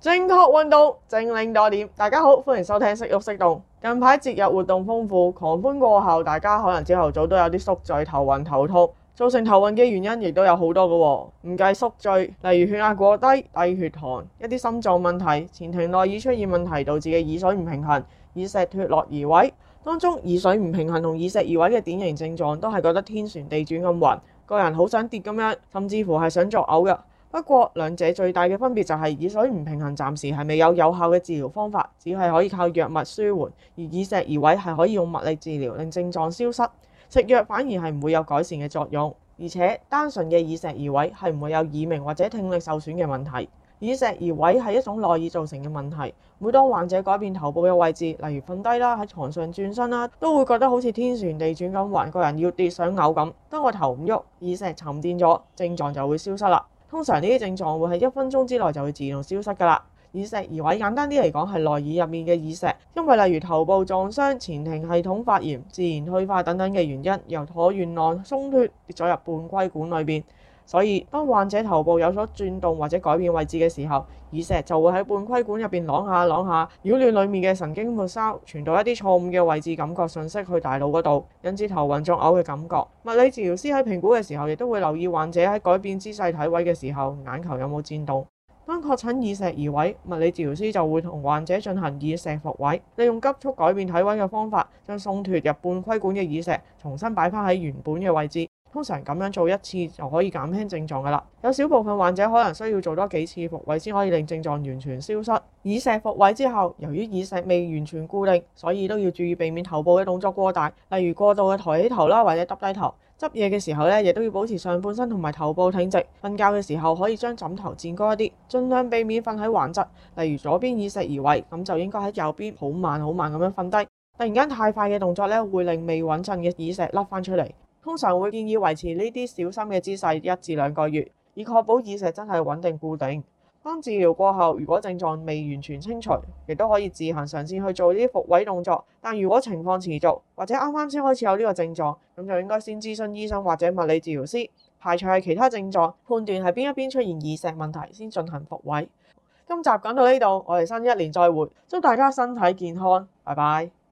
正確運動正令多點，大家好，歡迎收聽識郁適動。近排節日活動豐富，狂歡過後，大家可能朝頭早都有啲宿醉、頭暈、頭痛，造成頭暈嘅原因亦都有好多嘅。唔計宿醉，例如血壓過低、低血糖、一啲心臟問題、前庭內耳出現問題，導致嘅耳水唔平衡、耳石脫落移位。當中耳水唔平衡同耳石移位嘅典型症狀都係覺得天旋地轉咁暈，個人好想跌咁樣，甚至乎係想作嘔嘅。不過，兩者最大嘅分別就係耳水唔平衡，暫時係未有有效嘅治療方法，只係可以靠藥物舒緩；而耳石移位係可以用物理治療令症狀消失，食藥反而係唔會有改善嘅作用。而且，單純嘅耳石移位係唔會有耳鳴或者聽力受損嘅問題。耳石移位係一種內耳造成嘅問題，每當患者改變頭部嘅位置，例如瞓低啦、喺床上轉身啦，都會覺得好似天旋地轉咁，還個人要跌想嘔咁。當個頭唔喐，耳石沉澱咗，症狀就會消失啦。通常呢啲症狀會喺一分鐘之內就會自動消失㗎啦。耳石移位簡單啲嚟講係內耳入面嘅耳石，因為例如頭部撞傷、前庭系統發炎、自然退化等等嘅原因，由橢圓囊鬆脱跌咗入半規管裏面。所以當患者頭部有所轉動或者改變位置嘅時候，耳石就會喺半規管入邊啷下啷下，擾亂裡面嘅神經末梢，傳到一啲錯誤嘅位置感覺訊息去大腦嗰度，引致頭暈、作嘔嘅感覺。物理治療師喺評估嘅時候，亦都會留意患者喺改變姿勢體位嘅時候，眼球有冇轉動。當確診耳石移位，物理治療師就會同患者進行耳石復位，利用急速改變體位嘅方法，將鬆脱入半規管嘅耳石重新擺翻喺原本嘅位置。通常咁樣做一次就可以減輕症狀㗎喇。有少部分患者可能需要做多幾次復位先可以令症狀完全消失。耳石復位之後，由於耳石未完全固定，所以都要注意避免頭部嘅動作過大，例如過度嘅抬起頭啦，或者揼低頭。執嘢嘅時候呢，亦都要保持上半身同埋頭部挺直。瞓覺嘅時候可以將枕頭墊高一啲，盡量避免瞓喺患側，例如左邊耳石移位，咁就應該喺右邊好慢好慢咁樣瞓低。突然間太快嘅動作呢，會令未穩陣嘅耳石甩返出嚟。通常會建議維持呢啲小心嘅姿勢一至兩個月，以確保耳石真係穩定固定。當治療過後，如果症狀未完全清除，亦都可以自行嘗試去做呢啲復位動作。但如果情況持續，或者啱啱先開始有呢個症狀，咁就應該先諮詢醫生或者物理治療師，排除係其他症狀，判斷係邊一邊出現耳石問題先進行復位。今集講到呢度，我哋新一年再會，祝大家身體健康，拜拜。